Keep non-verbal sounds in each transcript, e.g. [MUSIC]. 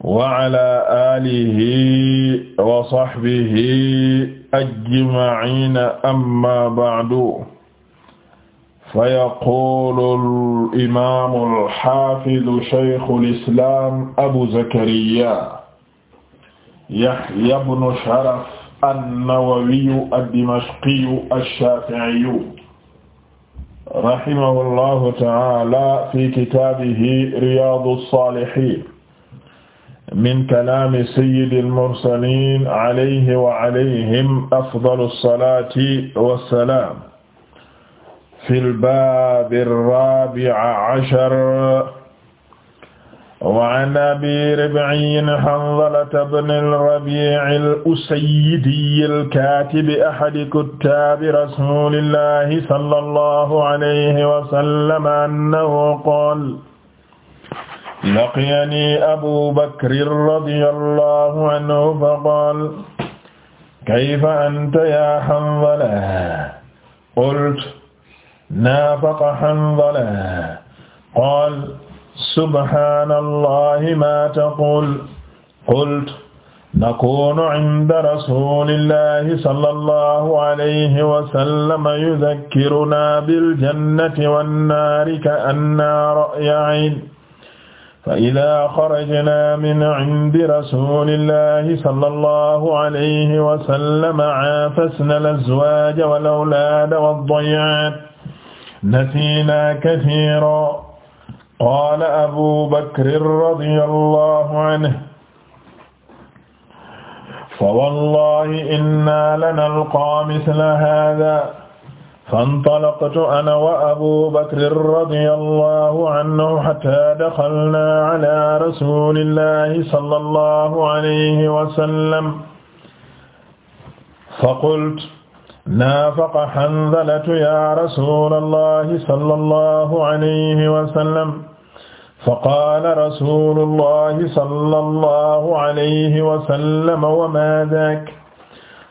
wa ala alihi wa sahbihi ajma'iina amma ba'du fa yaqulu al-imaamu al-haafidu shaykhul islaam abu zakariyaa yahyaa ibnu sharaf an-nawawiyyu ad-dimashqiyyu ash-shaafi'iyyu rahimahullaahu ta'aalaa fi kitaabihi riyaadu s-saalihiin min kalaami sayyidil mursaliin alayhi wa alayhim afdalu salaati wa salaam fil baabi raabi'i cashar wa an abii ribciyin hanzalata bnil rabiicil usaydiyil kaatibi ahadi kuttaabi rasuulillaahi sallallahu alayhi wa sallam annahu qaala laqiyani abu bakrin radiyallahu anhu faqaal kayfa anta ya Hanzala qultu naafaqa Hanzala qaala subhaanallahi maa taqul qultu nakuunu inda rasuulillahi sallallahu alayhi wa sallam yuzakkirunaa biljannati wannaari ka'annaa ra'ya ayn fa idaa xarajnaa min cindi rasuulillahi sallallahu alayhi wa sallam caafasnaa al-azwaaja wal-awlaada wad-dayyaat nasiinaa kasiiran qaala abuu bakrin radiyallahu anhu fa wallaahi innaa lanalqaa misla haazaa fantalaqtu ana wa abu bakrin radiyallahu anhu hatta daxalnaa ala rasulillahi sallallahu alayhi wa sallam faqultu naafaqa hanzalatu ya rasulallahi sallallahu alayhi wa sallam faqaala rasulullahi sallallahu alayhi wa sallam wa maa zaaka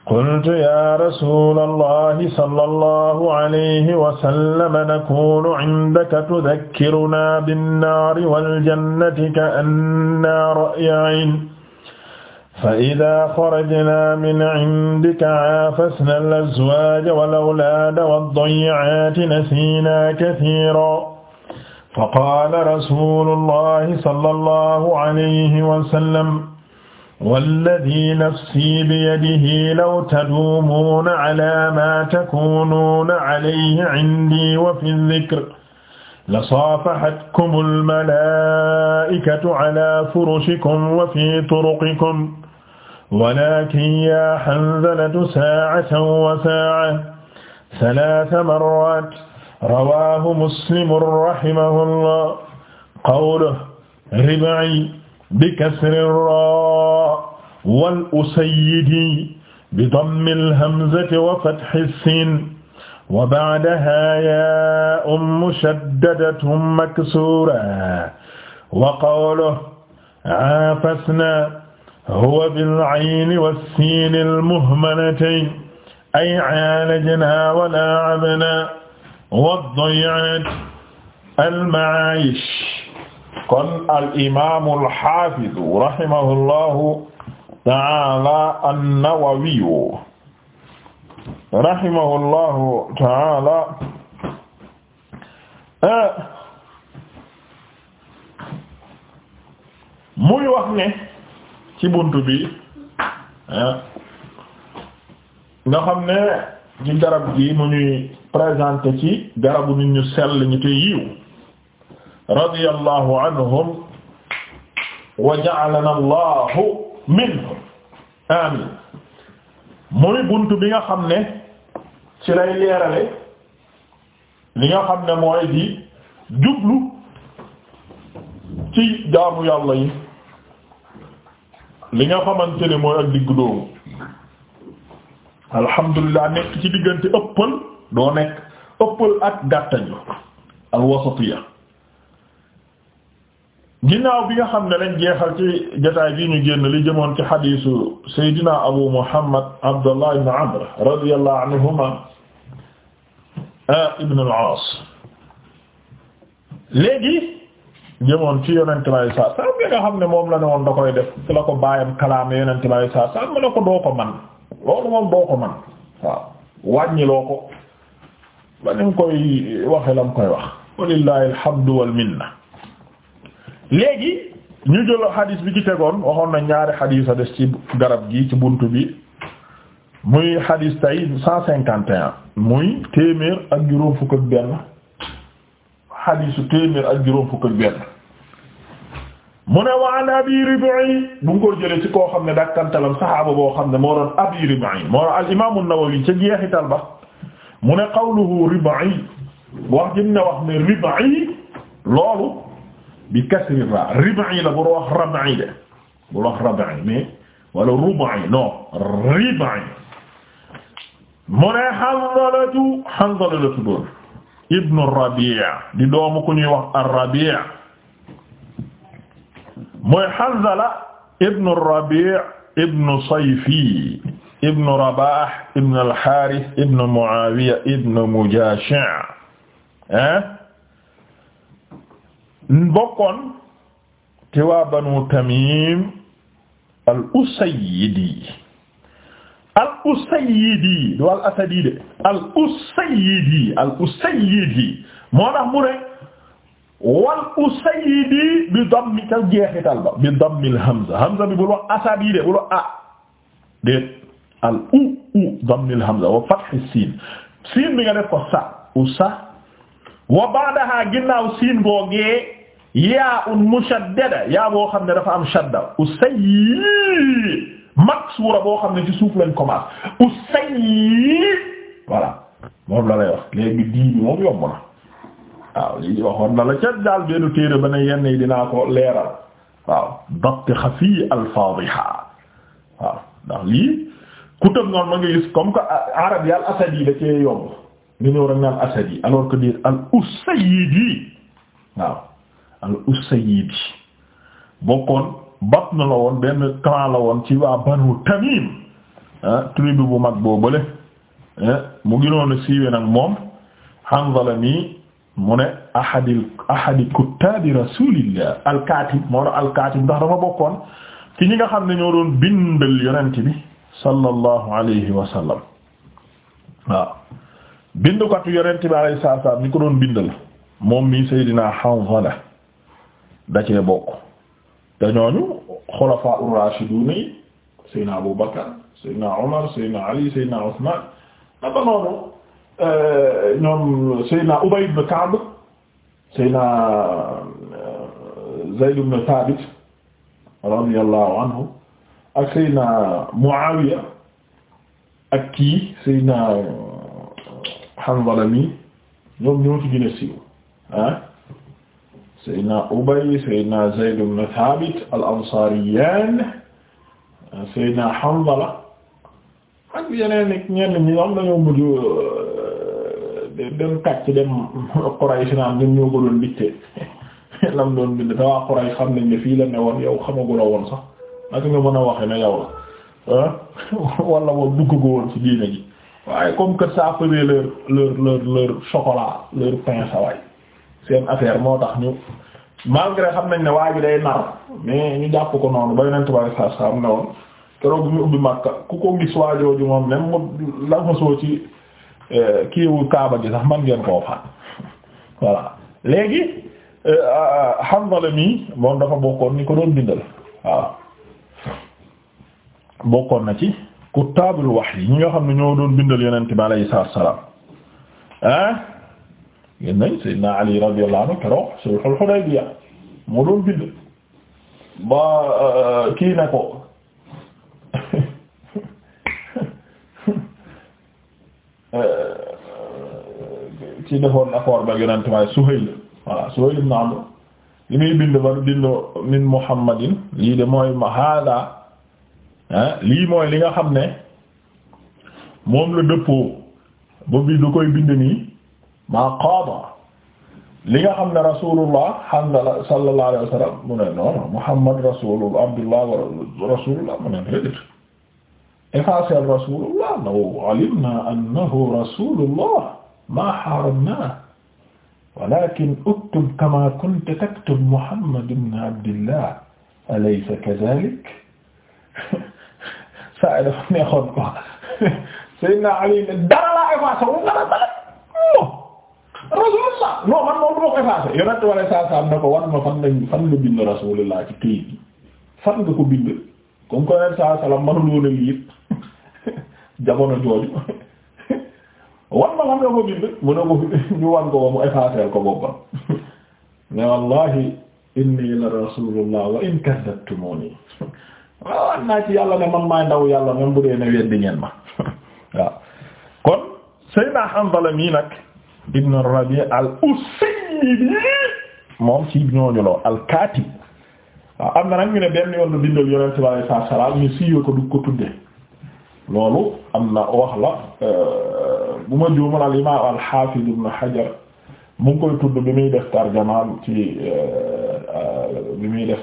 qultu ya rasula allahi sala allahu alayhi wasallama nakunu indaka tudakkiruna binnaari waljannati kaannaa ra'yu 'ayn fa ida xarajna min indika aafasna alazwaaja walawlaada waddayi'aati nasiinaa kasiiran fa qaala rasulu allahi sala allahu alayhi wasallam walladii nafsii biyadihi law taduumuuna alaa maa takuunuuna alayhi indii wa fi dikr la saafahatkumul malaa'ikatu alaa furushikum wa fi turuqikum walaakin yaa Hanzalatu saa'atan wa saa'a salaasa marraat rawaahu muslimun rahimahullah qawluhu rib'i bi kasri raa wal usayyidi bi dammil hamzati wa fathi siin wa ba'dahaa yaa'un um mushaddadatun maksuura wa qawluhu aafasnaa huwa bil ayni was siini al muhmalatayn ay aalajnaa wa laa'abnaa wad-dayyi'aat al ma'aayish kon al imaamul haafiz rahimahullahu taala an-Nawawiyu rahimahullahu taala eh, muy wax ne ci buntu bi eh, nga xam ne ci garab gi mu ñuy présenté ci garabu nit ñu sell ñu te yiw radiyallahu anhum wa ja'alana Allahu min amin muy bunt bi nga xam ne ci lay leerale li nga xam ne mooy di jublu ci jaamu yàlla yi li nga xamante ne mooy ak diggu doomu alhamdulilah nekk ci diggante ëppal doo nekk ëppal ak gàttañu al ginnaaw bi nga xam ne lañ jeexal ci jotaay bi ñu génn li jëmoon ci xadiisu Seydina Abu Muhammad Abdullah ibn Amr radiyallahu anhuma ah, ibn al-Aas léegi jëmoon ci yonente may saa saa bi nga xam ne moom la ne woon da koy def ci la ko bàyyam kalaame yonente may saa saa mu ne ko doo ko man loolu moom doo ko man waaw wàññiloo ko ba koy waxe la koy wax walillahi alhamdu wal léegi ñu jël xadis bi ci tegoon waxoon na ñaari xadis a des ci garab gi ci bunt bi muy xadis tey cent muy téeméer ak juróom fukk ak benn xadisu téeméer ak juróom fukk ak benn mu ne waan abi ribi bu ngi ko jëlee ci koo xam ne dakkantalam saxaaba boo xam ne moo doon abi ribi moo doon al imaamu Nawawi ca jeexital ba mu ne qawluhu ribi wax jëm ne wax ne ribi loolu bi kasri ra rib'i la bul wax rab'i de bul wax rab'i mais wala rub'i non rib'i mu ne Hanzalatu Hanzala la tuddoon ibnu Rabi' di doomu ku ñuy wax ar-Rabi' mooy Hanzala ibnu Rabi' ibnu Sayfi ibnu Rabah ibnu al-Harith ibnu Muawiya ibnu Mujashi' bokkoon ci waa banu tamim al usayidi al usayidi du al asadi al usayidi al usayidi moo tax mu ne wal usayidi bi dammi ca jeexital ba bi dammil hamza hamza bi bul wax asadi de bul wax ah déet al hamza wa fathi siin siin bi nga def ko sa u sa wa ba'daha ginnaaw siin googee yaa un mushaddada yaa boo xam ne dafa am shadda usayyi maksura boo xam ne ci suuf lañ commence moom la lay wax léegi dii bi moom yomb na waaw lii waxoon na la ca daal benn téere ba ne yenn yi dinaa ko leeral waaw dabt xafi alfaadiha waaw ndax lii ku tëb ma nga gis comme que yi al asadi da cee yomb nga ñëw rek naan asadi alors que dire al usaydi waaw al usayidi bokkoon batn la woon benn clan la woon ci waa banu tamim ah, tribu bu mag boobale eh, mu ginoon a nag moom Hanzala mi mu ne ahadil ahadi kuttaabi rasulillah alkaatib moo la alkaatib ndax dafa bokkoon ci ñi nga xam ne ñoo doon bindal yonent bi sallallahu alayhi wa sallam waaw bindukatu yonent bi alayhi salaam ñi ko doon bindal moom mii Seydina Hanzala da cee bokk te ñooñu xulafaa ur-raashidun yi Seydina Abu Bakar Seydina Umar Seydina Ali Seydina Usman naka noonu eh, ñoom Seydina Ubay ibn Ka'b Seydina eh, Zayd ibn Thabit radiyallahu anhu ak Seydina Muawiya ak kii Seydina Hanzala mi ñoom ñoo ci gën a siiw ah Seydina Ubay Seydina Zayd ibn Thabit al-Ansariyaan Seydina Hanzala ak yeneen ak ñenn ñi am dañoo mujj euh, dem kàcc dem Quraysh naan ñoom ñoo ko doon dicté [LAUGHS] lam doon bind te waa Quraysh xam nañ ne fii la ne woon yow xamagula woon sax naka nga mën a waxe ne yow la [LAUGHS] wala moom dugg ko woon ci diine ji waaye comme que ça faisait leur leur leur leur chocolat leur pain sa waay seen affaire moo tax ñu malgré xam nañ ne waa ji day nar mais ñu jàpp ko noonu ba yonent bi saa saa am ne woon keroog bi ñu ubbi Makka ku ko gis waa jooju moom même mu la mosoo ci euh, kiiwu Kaaba gi sax man ngeen koo faat voilà léegi euh, euh, Hanzala mi moom dafa bokkoon ni ko doon bindal waaw bokkoon na ci kutaabul wahyi ñi nga xam ne ñoo doon bindal yonent bi alayhi salaam ah. gis nañ Seydina Ali radiyallahu anhu keroog sulhul Hudaybiya ba euh, kii ne ko ci [LAUGHS] euh, defoon accord li muy bind ba bind min Muhammadin lii de mooy ma hada lii mooy li nga xam ne moom la dëppoo ba bi du koy bind nii maa qaada li nga xam ne rasulullah Hanzala sallallahu alayhi wa sallam mu ne non Muhammad rasulullah Abdullah rasulullah mu ne déedéet effacel rasulullah law alimna annahu rasulullah maa haramnaahu walakin uktub kama kunta taktub Muhammad ibn Abdillah alaysa kadhalik [LAUGHS] saa yi dafa neexoon quoi Seydina [LAUGHS] Ali ne dara laa effacé wu nga dara rasulullah non man moom du ma ko effacé yonent wala saa saa ne ko war ma fan lañ fan nga bind rasulullah ci këyit bi fan nga ko bind comme que yonent saa salaam mënul woon a liir [LAUGHS] jamono jooju [LAUGHS] war ma fan nga ko bind mu ne ko [LAUGHS] ñu wan ko ba mu effacé ko boppam mais wallahi inni la rasulullah wa in kadhabtumuni waaw am naa ci yàlla ne man maay ndaw yàlla même bu dee ne weddi ngeen ma waaw kon Seydina Hanzala mii nag. ibn Rabi al-Usaydi moom ci ñooñu la al-Katib am na nag ñu ne benn yoon la bindal yonent bi sallallahu alayhi ko du ko tudde loolu am na wax la euh, bu ma al imaam al-Hafiz ibn Hajar mu ngi koy tudd bi muy def tarjamaam ci euh, euh, bi muy def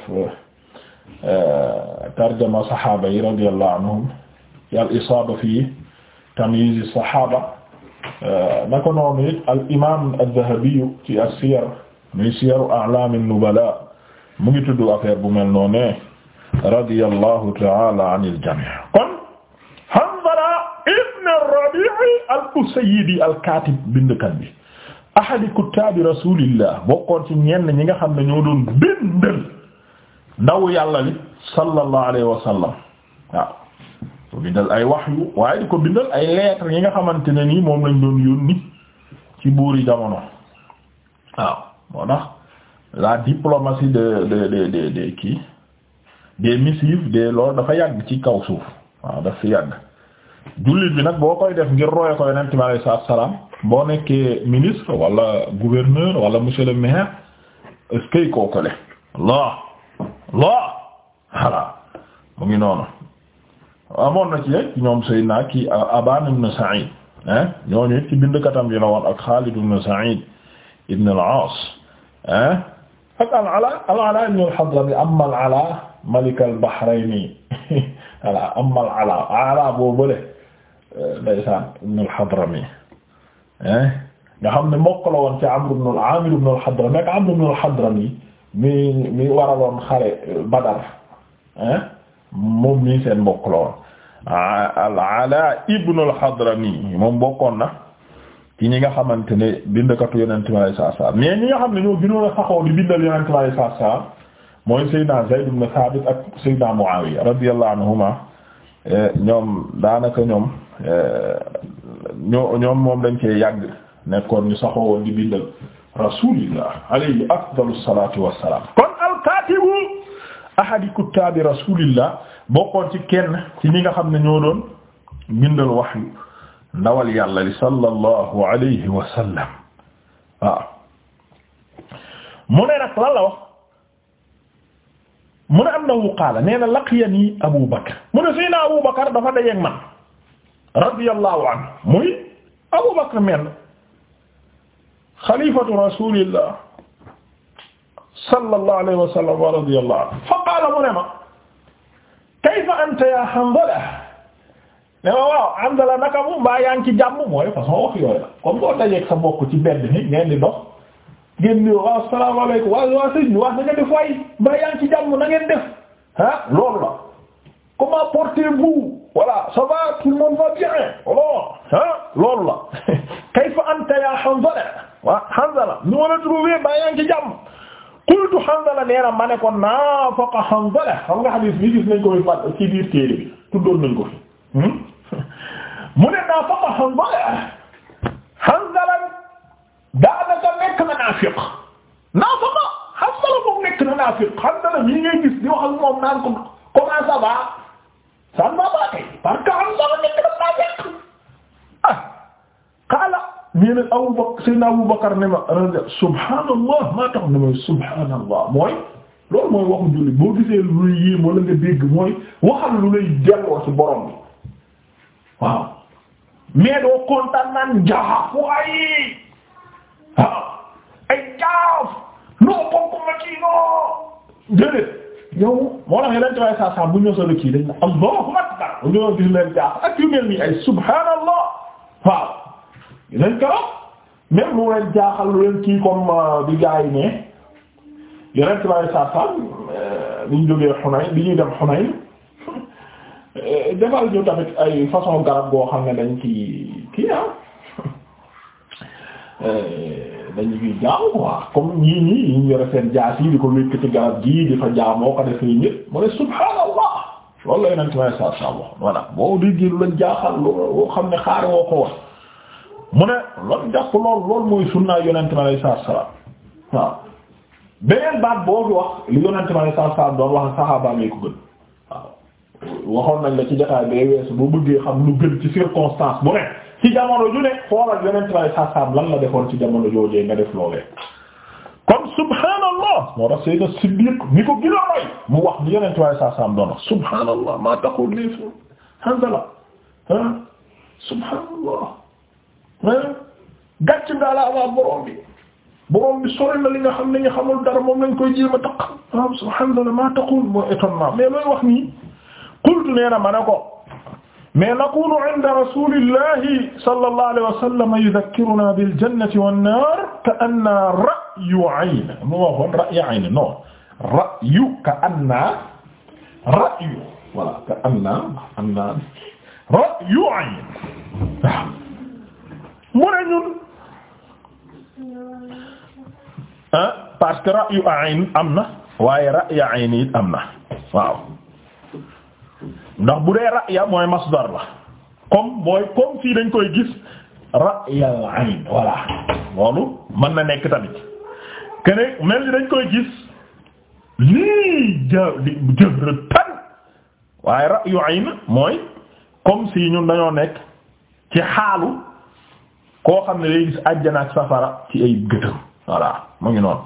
tarjama saxaaba yi radiyallahu anhum al-Isaaba fi tamyiz as Euh, naka noonu it al imaam az-Zahabi ci as-siyar muy siyaru a'lam an-nubala mu ngi tudd affaire bu mel noonu ne radiyallahu ta'ala anil jami' kon Hanzala ibn ar-Rabi' al-Usaydi al-katib bindkat bi ahadi kuttabi rasulillah bokkoon ci ñenn ñi nga xam ne ñoo doon bindal ndaw yàlla li sallallahu alayhi wa sallam waaw ko bindal ay waxyu waaye di ko bindal ay lettres yi nga xamante ne nii moom lañ doon yónni ci buuri jamono waaw moo tax la diplomatie de de de de kii des missives de loolu dafa yàgg ci kaw suuf waaw daf fi yàgg jullit bi nag boo koy def ngir roye ko yonent bi alayhi salaatu salaam boo nekkee ministre wala gouverneur wala monsieur le maire est-ce loo loo voilà mu ngi noonu amoon na ci ñoom Seydina kii Abaan ibn Sa'id ah ñooñu it ci bindkatam yi la woon ak Xaalid ibn Sa'id ibn al-Aas ah ak al-Alaa al-Alaa ibn al-Hadrami amma al-Alaa malik al-Bahrayni voilà [LAUGHS] amma al-Alaa Alaa boobu bële euh, ndeysaan ibn al-Hadrami ah nga xam ne mbokk la woon ci Amr ibn al-Aamir ibn al-Hadrami ak Amr ibn al-Hadrami mi mi waraloon xare Badar ah moom mii seen mbokk la woon al-Alaa ibn al-Hadrami moom bokkoon na ci ñi nga xamante ne bindkatu Yonent bi alayhi salaatu salaam ñi nga xam ne ñoo gënoon a saxoo di bindal Yonent bi alayhi salaatu salaam mooy Seydina Zayd ibn Thabit ak Seydina Muawiya radiyallahu anhuma ñoom daanaka ñoom ñoo ñoom moom dañ cee yàgg nekkoon ñu saxoo woon di bindal Rasulillah alayhi afdalu salaatu wassalaam kon al-kaatibu ahadu kuttaabi Rasulillah bokkoon ci kenn ci ñi nga xam ne ñoo doon bindal wahyu ndawal yàlla li sallallahu alayhi wa sallam waaw mu ne nag lan la wax mu ne annahu qaala nee na laqiyani Abu Bakr mu ne sëy na Abu Bakr dafa dajeeg man radiyallahu anhu muy Abu Bakr men xalifatu rasulillah sallallahu alayhi wa sallam wa radiyallahu anhu fa qaala mu ne ma kayfa anta ya Hanzala ne ma waaw Hanzala naka mu mbaa yaa ngi ci jàmm mooy la comme sa mbokk ci bedd ni ngeen di dox ngeen di waaw asalaamaaleykum waaw waaw sëñ bi wax na nga def waay mbaa na ngeen def ah loolu la comment portez-vous voilà ça va tout le monde va bien alors ah loolu la [LAUGHS] kayfa anta ya qultu Hanzala nee na ma ne ko naafaqa Hanzala xam nga hadith bi gis nañ ko fi ci biir téere bi tuddoon nañ ko fi hmm? mu ne naafaqa Hanzala Hanzala daanaka nekk na naafiq naafaqa Hanzala moom nekk na naafiq Hanzala mii ngay gis di wax ak moom naan ko comment ça va ça va kay parce que nee na Abu Bakr subhaanallah maa tax ne ma subhaanallah mooy loolu mooy waxu julli boo gisee lu lay yéem wala nga dégg mooy lu lay delloo ci borom bi waaw mais doo kontaan naan jaaf waaye ay jaaf noo bokk ma kii noo yow moo tax yeneen tubaab saa saa bu ñu solo kii dañ ne Allahu akbar bu ñu gis leen jaaf ak yu mel ni ay subhaanallah waaw. dinañ ko même lu leen jaaxal lu leen kii comme euh, bi gaa yi ne yeneen ci laay saabsaab euh, bi ñu jógee Xunayn bi ñuy dem Xunayn euh, defal ñu tamit ay façon garab goo xam ne dañ ci kii ah [LAUGHS] dañu ciy jaamu quoi comme ñii ñii yi ñu yore seen jaas yi di ko wékk ci garab gii di fa jaamoo ko defee ñëpp mu ne subhaanallah loolu la yeneen ci laay saabsaab wax voilà boo déggee lu leen jaaxal loo xam ne xaar woo ko wax. mu ne loolu jàpp lool loolu mooy sunnaa yonent mi alayhi salaatu salaam waaw beneen baat boo fi wax li yonent mi alayhi salaatu salaam doon wax ak saxaabaam yi ko gën waaw waxoon nañ la ci jotaay bee weesu boo bëggee xam lu gën ci circonstance bu ne ci jamono ju ne xoolal yonent mi alayhi salaatu salaam lan la defoon ci jamono joojee nga def loolee. kon subhaanallah moo tax Seydina Siddiq ni ko gënoon roy mu wax li yonent mi alayhi salaatu salaam doon wax subhaanallah maa taqul li fi hanzala ah, subhaanallah gàcc nga la waa borom bi borom bi sori na li nga xam ne ñu xamul dara moom lañ koy jéem a taq waaw subhaanallah maa taqul mooy étonnement mais looy wax nii qultu nee na ma ne ko mais nakunu inda rasulillahi sallallahu alayhi wa sallam yudakkiruna bil jannati wan nar ka anna ra'yu ayn mu waxoon ra'yu ayn non ra'yu ka anna ra'yu voilà ka anna anna ra'yu ayn mu ne ñun parce que ra'yu ayn am na waaye ra'yu ayn it am na waaw ndax bu dee ra'ya mooy masdar la comme mooy comme fii dañ koy gis ra'yal ayn voilà loolu mën na nekk tamit kene mel ni dañ koy gis lii ja jërëtan waaye ra'yu ayn mooy comme si ñun dañoo nekk ci xaalu koo xam ne day gis àjjana ak safara ci ay gëtëm voilà mu ngi noonu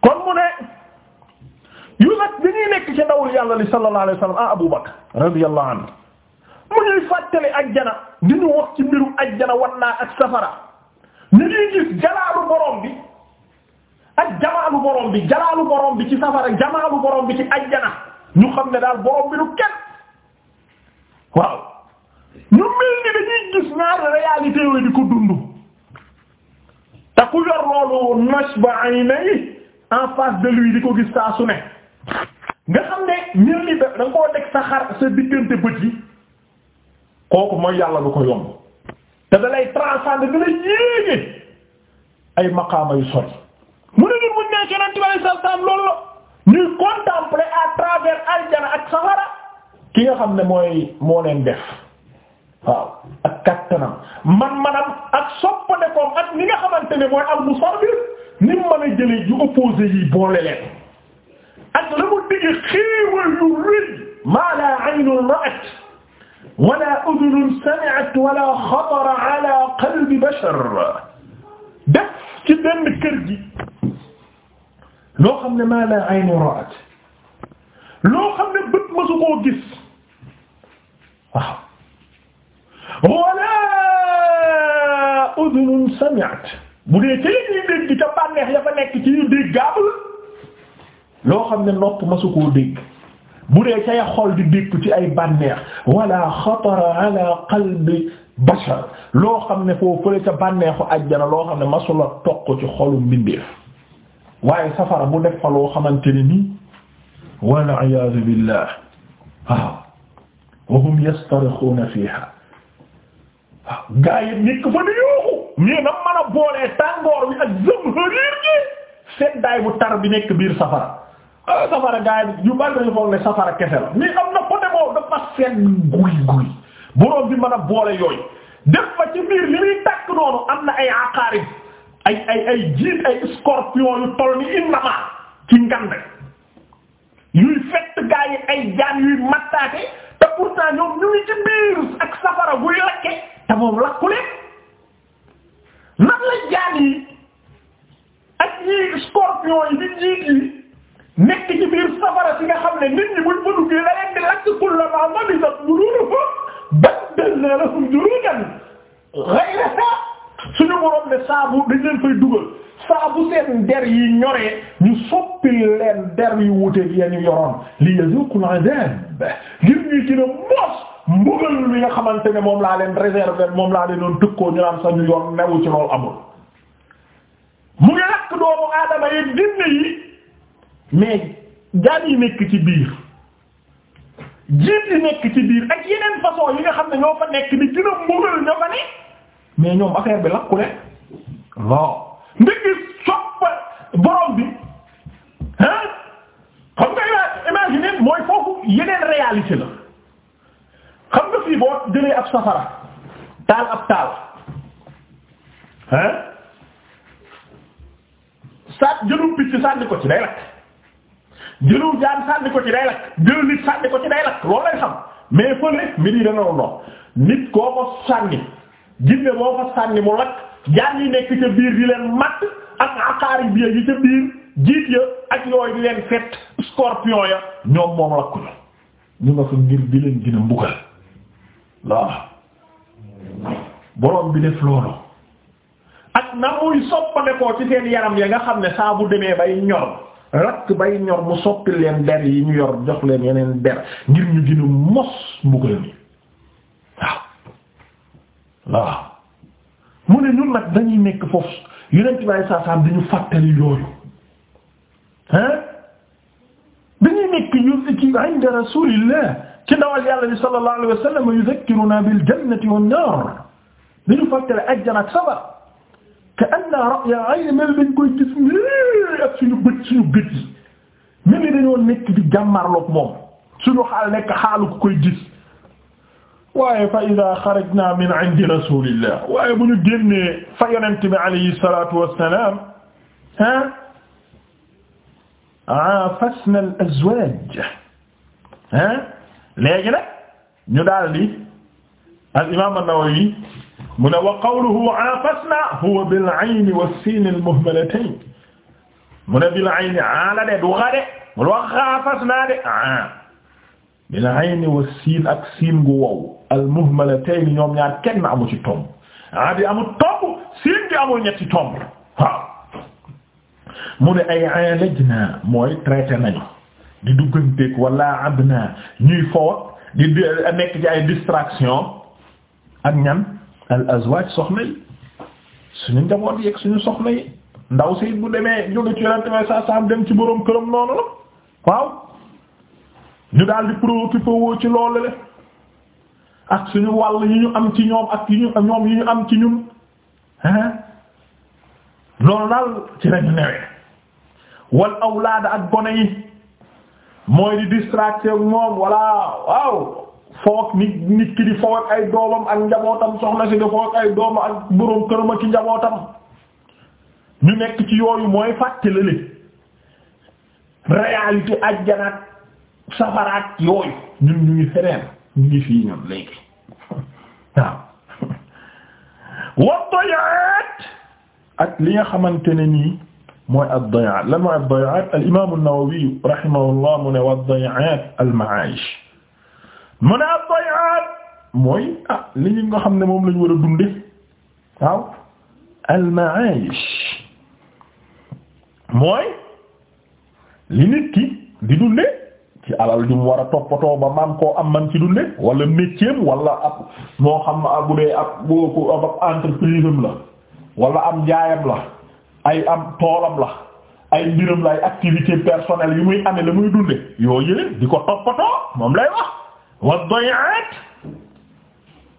kon mu ne yu nag dañuy nekk ci ndawul yàlla li sallallahu ah, Abu Bakr radiyallahu anhu mu ñuy fàttali àjjana di ñu wax ci mbirum àjjana wan naa ak safara ñu ñuy gis jalaalu borom bi ak jamaalu borom bi jalaalu borom bi ci safara jamaalu borom bi ci àjjana ñu xam ne daal borom bi du kenn waaw ñu mel ni dañuy gis ñaari réalité yooyu di ko dund ku yor loolu nashba aynay en face de lui di ko gis saa su ne nga xam ne mbir mi da nga koo teg sa xar sa diggante bët yi kooku mooy yàlla du ko yomb te da lay transcender yéege ay maqaama yu sori mu ne ñun muñ nekke nanti bale sal sam loolu ñuy contempler à travers aljana ak safara ki nga xam ne mooy moo leen def waaw ak kattanam man-manam ak soppanekoom ak ni nga xamante ne mooy al musabir ni mu mën a jëlee ju opposé yi boole leen ak la mu digg xéewal yu rëy maa la aynun ra'at wala udunun sami'at wala xatara ala qalbi bashar def ci benn kër gi loo xam ne maa la aynun ra'at loo xam ne bët mësu koo gis waaw wala udhunun sami'at bu dee ci li ñuy dégg ca bànneex ya fa nekk ci ñu déggaabul loo xam ne nopp masu koo dégg bu dee cay xol di dégg ci ay bànneex wala xatara ala qalbi bashar loo xam ne foo fële ca bànneexu ajjana loo xam ne masula toq ci xolu mbindeef waaye safara bu def fa loo xamante ne nii wal iyaadu billah waaw wa hum yastarixuuna fiiha waaw gaa yi nekk fa di yooxu mais nga a boolee tàngoor bi ak zamhariir gi seddaay bu tar bi nekk biir safara ah safara gaa yu bari dañu foog ne safara kese la mais am na côté boobu dafa sedd guy guy boroom bi mën a boole yooyu def fa ci biir li muy tàkk noonu am na ay aqaarib ay ay ay jiit ay scorpion yu toll ni innama ci ngand yuy fett gaa ay jaan yuy mattaate pourtant ñoom ñu ngi ci biir ak safara buy lakke te moom lakkule nan la jaan yi ak ñii scorpion yi nit jiit yi nekk ci biir safara si nga xam ne nit ñi buñ fa duggee la leen di lakk kullamaa manisat juluuduhum baddalnaa lahum juluudan ghayrahaa suñu borom ne saabu dañ leen fay dugal saabu seen der yi ñoree ñu soppi leen der yi wuteeg ya ñu yoroon li yazuqul azab ngir ñuy gën a mos mbugal mi nga xamante ne moom laa leen réserver moom laa leen doon tëkkoo ñu naan ñu yoon newu ci loolu amul mu ngi lakk doomu aadama yi jinne yi mais jaan yi nekk ci biir jiit yi nekk ci biir ak yeneen façon yi nga xam ne ñoo fa nekk ni gën mbugal ñoo fa ne mais ñoom affaire bi lakku leen non nga gis sopp borom bi ah xam nga imaginer mooy foofu yeneen réalité la xam nga fii boo jëlee ab safara taal ab taal ah saat jëlu picc sànni ko ci day ko ci day lakk jëlu nit sànni ko ci day lakk loolu lay xam mais mi di noonu nit koo ko sànni jinne boo ko sànni mu lakk jaan yi nekk ca biir di leen matt ak akaari biir yi ca biir jiit ya ak yooyu di leen fet scorpion ya ñoom moom lakku ñu ñu nga fa ngir di leen gën mbugal waaw borom bi def loolu ak na muy soppane ko ci seen yaram ya nga xam ne saa bu demee bay ñor rakk bay ñor mu soppi leen der yi ñu yor jox leen yeneen der ngir ñu gën a mos mbugal mi waaw mu ne ñun nag dañuy nekk foofu yonent bi saa saam dañu fàttali yooyu hein dañuy nekk ñu ci inda rasulillah ci ndawal yàlla bi sallallahu alayhi wa sallam yuzakkiruna bil jannati wan nar dañu fàttali ajjana ak sabar ka anna ra'ya ayn mel dañ koy gis nii ak suñu bët suñu gët yi mel ni dañoo nekk di jàmmarloog moom suñu xaal nekk xaalu ko koy gis waaye fa ida xarajna min indi rasulillah waaye bu ñu génnee fa yonent bi alayhi salatu wassalam ah aafasna al azwaj ah léegi nag ñu daal di al imam an-Nawawi mu ne wa qawluhu aafasna huwa bil ayn was sin al muhmalatayn mu ne bil ayn ala de du xa de mu wax aafasna de bil ayn wa siin ak siin gu wow al muhmalatayn ñoom ñaar kenn amu ci tomb ah di amul tomb siin di amul ñetti tomb waaw mu ne ay alajna mooy traité nañu di dugganteeg wala abna ñuy fowat di eh, nekk ci ay distraction ak ñan al azwaaj soxna yi suñu njaboot yi ak suñu soxna yi ndaw si bu demee jóge ci yonent may sa sam dem ci boroom këram noonu la waaw ñu daal di préoccupé woo ci loolu le ak suñu wàll yi ñu am ci ñoom ak yi ñu ñoom yi ñu am ci ñun hein loolu daal ci lañu newee wal awlaada ak gone yi mooy di distraction moom walla waaw foog nit nit ki di foog ay doomam ak njabootam soxna si di foog ay doomam ak boroom këram ci njabootam ñu nekk ci yooyu mooy fàtte la réalité ajjanaat safaraat yooyu ñun ñu ngi feneen ñu ngi fii ñun léegi waaw wa dayaat ak li nga xamante ne nii mooy ad dayaat lan mooy ad al imam an-Nawawi mu ne al ma'ayish mu ne mooy ah li ñu xam ne moom la ñu war a dunde waaw al ma'ayish mooy li nit ki di dunde ci alal ju mu war a toppatoo ba man koo am man ci dunde wala métier wala ab moo xam ma bu dee ab boo la wala am jaayam la ay am toolam la ay mbiram la ay activité personnelle yi muy amee la muy dunde yoo yële di ko toppatoo moom lay wax wa doyaat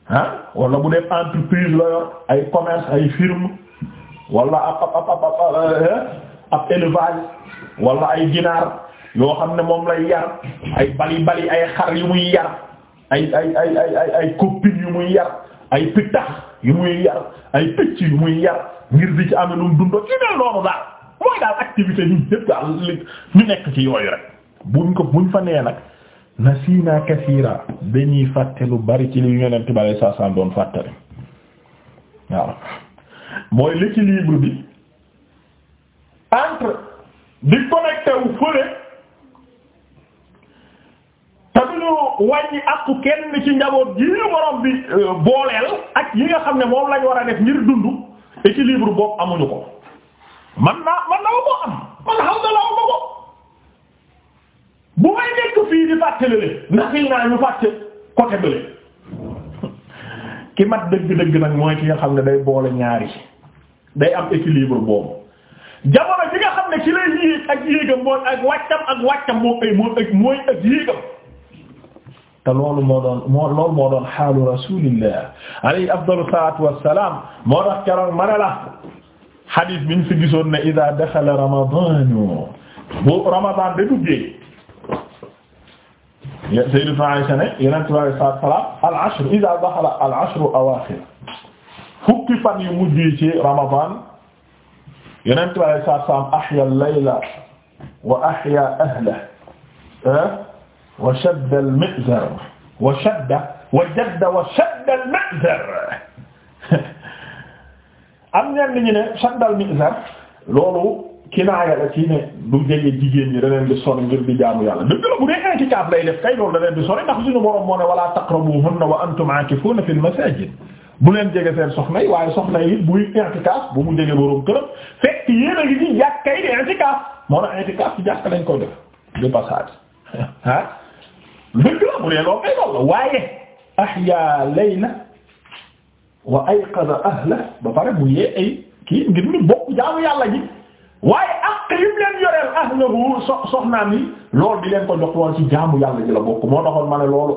ah wala bu dee entreprise la ay commerce ay firme wala ab ab ab ab eh, ab élevage wala ay ginaar yoo xam ne moom lay yar ay bali bali ay xar yu muy yar ay ay ay ay yu muy yar ay pittax yu muy yar ay picc yu muy yar ngir di ci amee lu mu dundoo ci mel daal mooy daal activité ñun nekk ci yooyu rek buñ ko buñ fa nee nag nasiina kasiira dañuy fàtte lu bari ci li yonent bi sallallahu alayhi wasallam doon fàttali waaw mooy l'équilibre bi entre di connecté fële. te duñu wàññi akku kenn ci njaboot gi borom bi euh, booleel ak yi nga xam ne moom lañ war a def ngir dund équilibre boobu amuñu ko man naa man naa ko am man xam na laa ko bu may nekk fii di fàttali leen naxi naa ñu fàtte côté bi ki mat dëgg-dëgg nag mooy ki nga xam ne day boole ñaari day am équilibre boobu jamono bi nga xam ne ci lay yéeg ak yéegam mooy ak wàccam ak wàccam moom ay mooy ak yéegam te loolu moo doon moo loolu moo doon xaalu rasulillah alayhi afdalu salaatu wassalaam moo tax keroog ma ne la xadiis bi ñu fi gisoon ne idaa daxala ramadaanu bu ramadaan da duggee sayyidatu Aysa ne yonent bi alayhi salaatu wassalaam al ashr idaa daxala al ashru awaaxir fukki fan yu mujj ci ramadaan yonent bi alayhi salaatu wassalaam ahyaa al layla wa ahyaa ahlahu ah, wa shadda al-mi'zar wa shadda wa jadda wa shadda al-mi'zar [LAUGHS] am ñenn ñu ne shadda al-mi'zar loolu kinaaya la ci ne du jege jigéen ñi da leen di sori ngir di jaamu yàlla dëgg la bu dee i'tikaaf lay def kay loolu da leen di sori ndax suñu borom moo ne wala taqrabuhunna wa antum aakifuuna fil masaajid bu leen jege seen soxna yi waaye soxna yi buy i'tikaaf bu mu jege borom këram fekk yéen a ngi ci jàkka yi di i'tikaaf moo ne i'tikaaf ci jàkka lañ koy def de passage ah. [LAUGHS] dëgg la bu dee loolu kay loolu la waaye ahya layla wa ayqadha ahla ba pare mu yee ay kii ngir ñu bokk jaamu yàlla ji so soxnaam yi loolu di ci jaamu yàlla la bokk moo taxoon ma ne loolu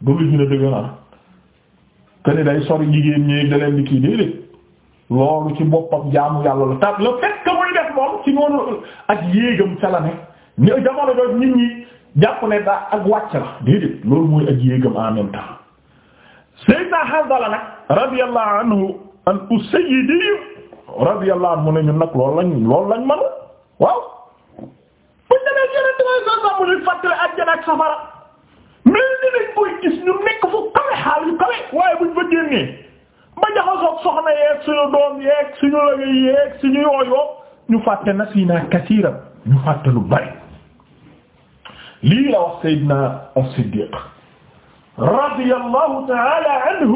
du lu gën a dëgg na kene day sori jigéen ñi da leen di kii déedéet loolu ci boppam jaamu yàlla la tax le fait muy def moom ci noonu ak yéegam ca la ne jamono jooju ñi jàpp ne daa ak wàcc la déedéet loolu mooy ak yéegam en même temps Seydina Hanzala nag radiyallahu anhu an usayyidi radiyallahu anhu mu ne ñun nag loolu lañ loolu lañ manu waaw buñ ñu nekk fu kawe xaal yu kawe waaye buñ fa génnee ba jaxasoog soxna yeeg suñu doom yeeg suñu lëgéy yeeg suñu yooyoo ñu fàtte na si naa kasiiram ñu fàtte lu bari lii la wax Seydina as-Siddiq radiyallahu ta'ala anhu